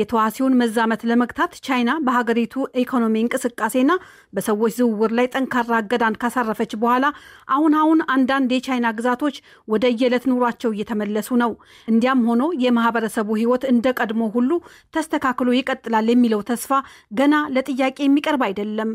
የተዋሲውን መዛመት ለመግታት ቻይና በሀገሪቱ ኢኮኖሚ እንቅስቃሴና በሰዎች ዝውውር ላይ ጠንካራ እገዳን ካሳረፈች በኋላ አሁን አሁን አንዳንድ የቻይና ግዛቶች ወደ የዕለት ኑሯቸው እየተመለሱ ነው። እንዲያም ሆኖ የማህበረሰቡ ህይወት እንደ ቀድሞ ሁሉ ተስተካክሎ ይቀጥላል የሚለው ተስፋ ገና ለጥያቄ የሚቀርብ አይደለም።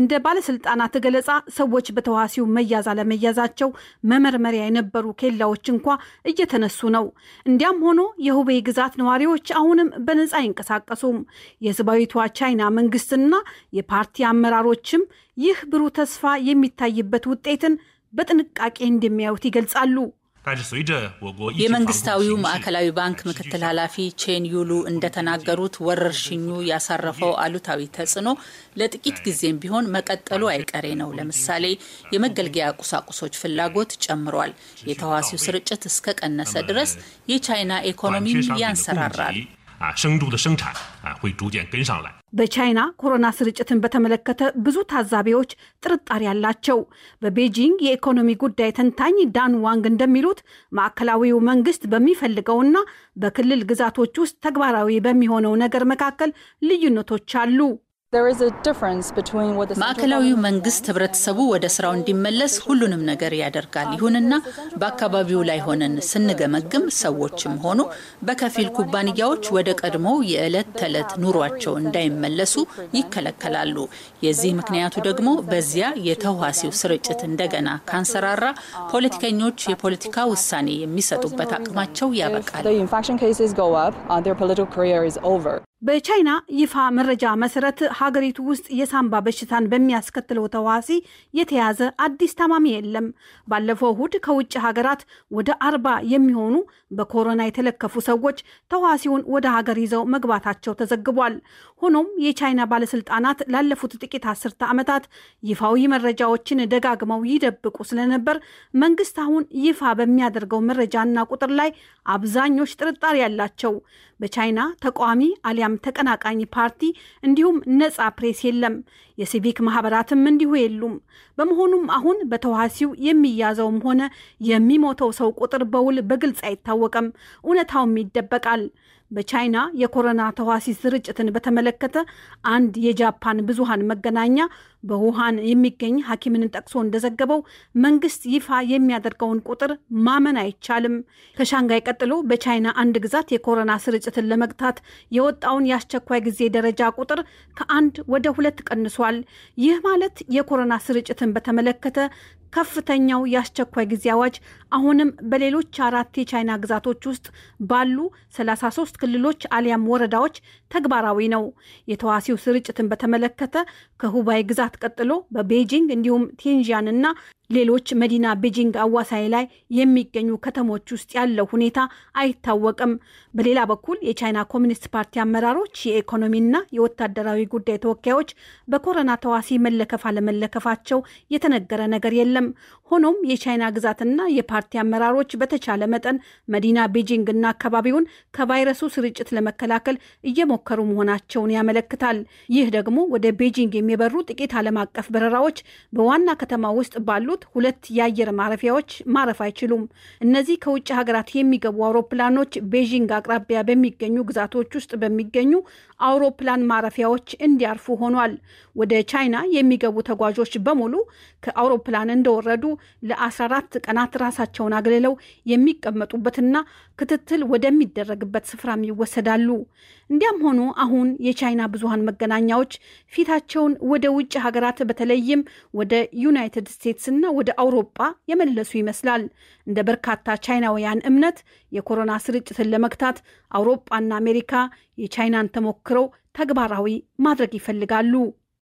እንደ ባለስልጣናት ገለጻ ሰዎች በተዋሲው መያዝ አለመያዛቸው መመርመሪያ የነበሩ ኬላዎች እንኳ እየተነሱ ነው። እንዲያም ሆኖ የሁቤ ግዛት ነዋሪዎች አሁንም በነጻ አይንቀሳቀሱም። የህዝባዊቷ ቻይና መንግስትና የፓርቲ አመራሮችም ይህ ብሩህ ተስፋ የሚታይበት ውጤትን በጥንቃቄ እንደሚያዩት ይገልጻሉ። የመንግስታዊው ማዕከላዊ ባንክ ምክትል ኃላፊ ቼን ዩሉ እንደተናገሩት ወረርሽኙ ያሳረፈው አሉታዊ ተጽዕኖ ለጥቂት ጊዜም ቢሆን መቀጠሉ አይቀሬ ነው። ለምሳሌ የመገልገያ ቁሳቁሶች ፍላጎት ጨምሯል። የተዋሲው ስርጭት እስከቀነሰ ድረስ የቻይና ኢኮኖሚም ያንሰራራል። 啊深度的生产啊会逐渐跟上来。በቻይና ኮሮና ስርጭትን በተመለከተ ብዙ ታዛቢዎች ጥርጣሬ አላቸው። በቤጂንግ የኢኮኖሚ ጉዳይ ተንታኝ ዳን ዋንግ እንደሚሉት ማዕከላዊው መንግስት በሚፈልገውና በክልል ግዛቶች ውስጥ ተግባራዊ በሚሆነው ነገር መካከል ልዩነቶች አሉ። ማዕከላዊው መንግስት ህብረተሰቡ ወደ ስራው እንዲመለስ ሁሉንም ነገር ያደርጋል። ይሁንና በአካባቢው ላይ ሆነን ስንገመግም ሰዎችም ሆኑ በከፊል ኩባንያዎች ወደ ቀድሞ የዕለት ተዕለት ኑሯቸው እንዳይመለሱ ይከለከላሉ። የዚህ ምክንያቱ ደግሞ በዚያ የተዋሲው ስርጭት እንደገና ካንሰራራ ፖለቲከኞች የፖለቲካ ውሳኔ የሚሰጡበት አቅማቸው ያበቃል። በቻይና ይፋ መረጃ መሰረት ሀገሪቱ ውስጥ የሳምባ በሽታን በሚያስከትለው ተዋሲ የተያዘ አዲስ ታማሚ የለም። ባለፈው እሁድ ከውጭ ሀገራት ወደ አርባ የሚሆኑ በኮሮና የተለከፉ ሰዎች ተዋሲውን ወደ ሀገር ይዘው መግባታቸው ተዘግቧል። ሆኖም የቻይና ባለስልጣናት ላለፉት ጥቂት አስርተ ዓመታት ይፋዊ መረጃዎችን ደጋግመው ይደብቁ ስለነበር መንግስት አሁን ይፋ በሚያደርገው መረጃና ቁጥር ላይ አብዛኞች ጥርጣሬ ያላቸው በቻይና ተቃዋሚ አሊያም የሰላም ተቀናቃኝ ፓርቲ እንዲሁም ነጻ ፕሬስ የለም። የሲቪክ ማህበራትም እንዲሁ የሉም። በመሆኑም አሁን በተዋሲው የሚያዘውም ሆነ የሚሞተው ሰው ቁጥር በውል በግልጽ አይታወቅም፣ እውነታውም ይደበቃል። በቻይና የኮሮና ተዋሲ ስርጭትን በተመለከተ አንድ የጃፓን ብዙሃን መገናኛ በውሃን የሚገኝ ሐኪምን ጠቅሶ እንደዘገበው መንግስት ይፋ የሚያደርገውን ቁጥር ማመን አይቻልም። ከሻንጋይ ቀጥሎ በቻይና አንድ ግዛት የኮሮና ስርጭትን ለመግታት የወጣውን የአስቸኳይ ጊዜ ደረጃ ቁጥር ከአንድ ወደ ሁለት ቀንሷል። ይህ ማለት የኮሮና ስርጭትን በተመለከተ ከፍተኛው የአስቸኳይ ጊዜ አዋጅ አሁንም በሌሎች አራት የቻይና ግዛቶች ውስጥ ባሉ 33 ክልሎች አሊያም ወረዳዎች ተግባራዊ ነው። የተዋሲው ስርጭትን በተመለከተ ከሁባይ ግዛት ቀጥሎ በቤጂንግ እንዲሁም ቲንዣን እና ሌሎች መዲና ቤጂንግ አዋሳይ ላይ የሚገኙ ከተሞች ውስጥ ያለው ሁኔታ አይታወቅም። በሌላ በኩል የቻይና ኮሚኒስት ፓርቲ አመራሮች፣ የኢኮኖሚና የወታደራዊ ጉዳይ ተወካዮች በኮሮና ተዋሲ መለከፍ አለመለከፋቸው የተነገረ ነገር የለም። ሆኖም የቻይና ግዛትና የፓርቲ አመራሮች በተቻለ መጠን መዲና ቤጂንግና አካባቢውን ከቫይረሱ ስርጭት ለመከላከል እየሞከሩ መሆናቸውን ያመለክታል። ይህ ደግሞ ወደ ቤጂንግ የሚበሩ ጥቂት ዓለም አቀፍ በረራዎች በዋና ከተማ ውስጥ ባሉ ያሉት ሁለት የአየር ማረፊያዎች ማረፍ አይችሉም። እነዚህ ከውጭ ሀገራት የሚገቡ አውሮፕላኖች ቤዥንግ አቅራቢያ በሚገኙ ግዛቶች ውስጥ በሚገኙ አውሮፕላን ማረፊያዎች እንዲያርፉ ሆኗል። ወደ ቻይና የሚገቡ ተጓዦች በሙሉ ከአውሮፕላን እንደወረዱ ለ14 ቀናት ራሳቸውን አግልለው የሚቀመጡበትና ክትትል ወደሚደረግበት ስፍራም ይወሰዳሉ። እንዲያም ሆኖ አሁን የቻይና ብዙሃን መገናኛዎች ፊታቸውን ወደ ውጭ ሀገራት በተለይም ወደ ዩናይትድ ስቴትስና ወደ አውሮጳ የመለሱ ይመስላል። እንደ በርካታ ቻይናውያን እምነት የኮሮና ስርጭትን ለመግታት አውሮጳና አሜሪካ የቻይናን ተሞክረው ተግባራዊ ማድረግ ይፈልጋሉ።